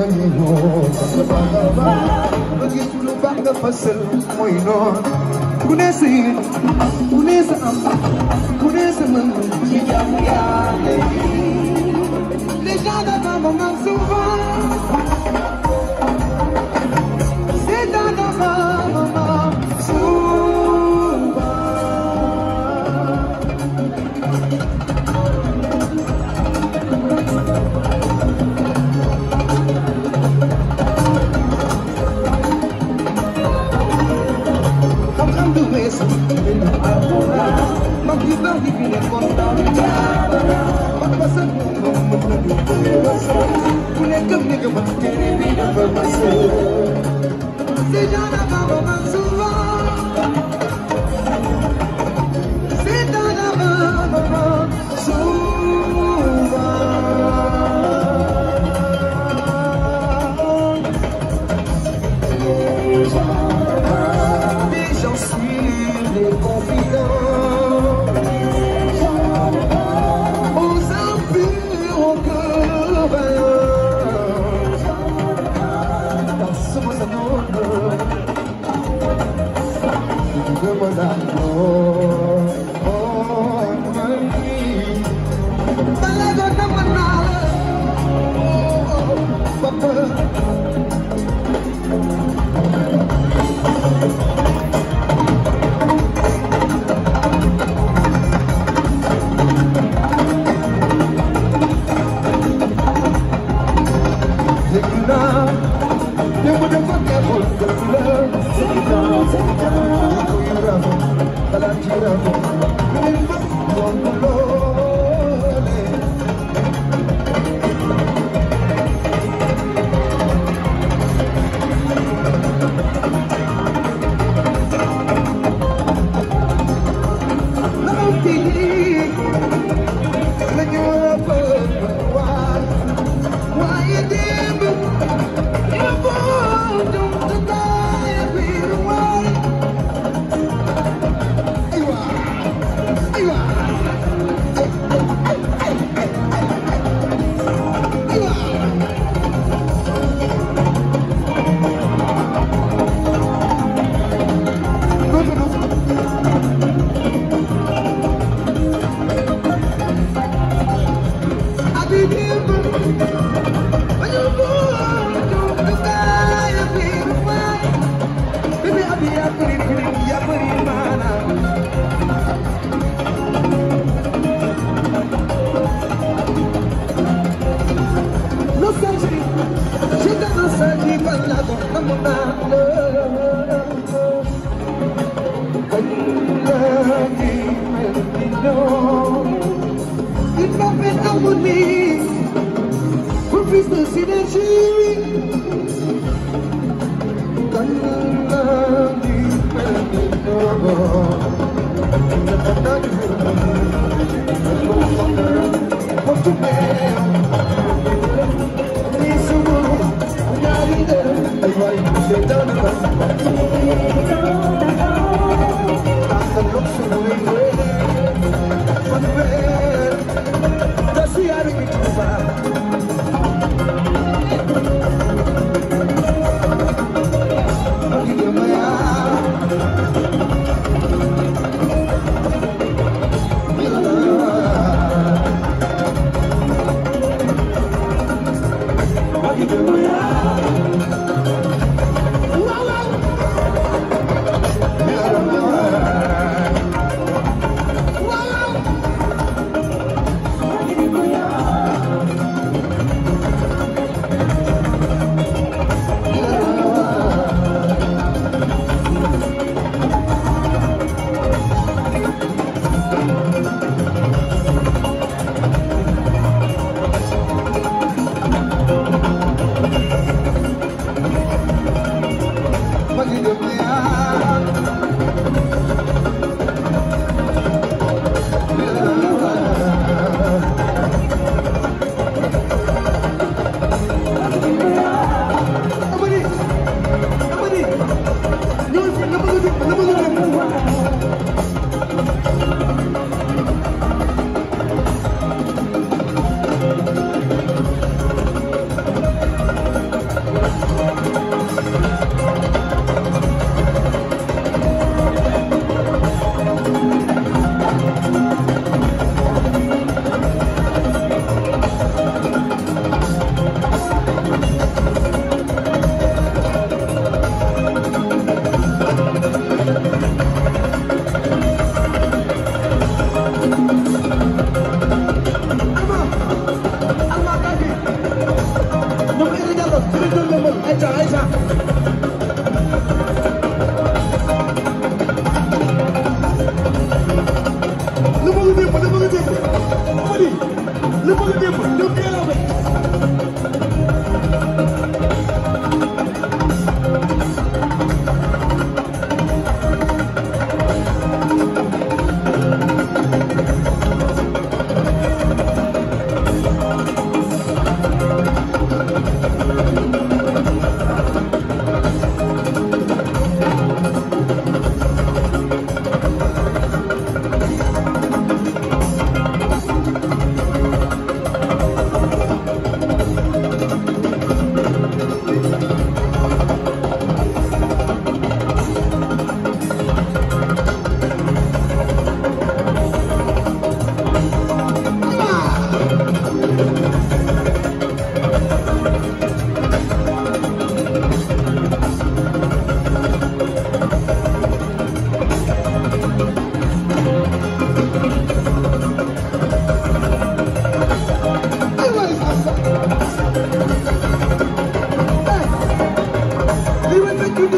mani noon ba jiitu lu baax nga fasal mooy noon ku ne sa yéen ku ne sa am nigga, nigga, nigga, nigga, nigga, nigga, nigga, nigga, nigga, nigga, nigga, 我的。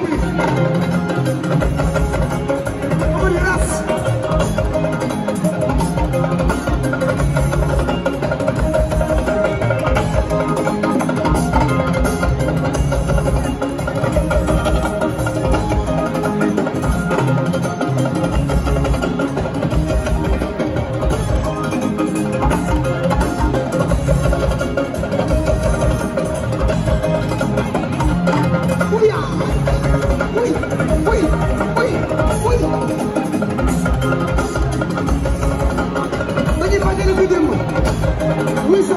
Willis.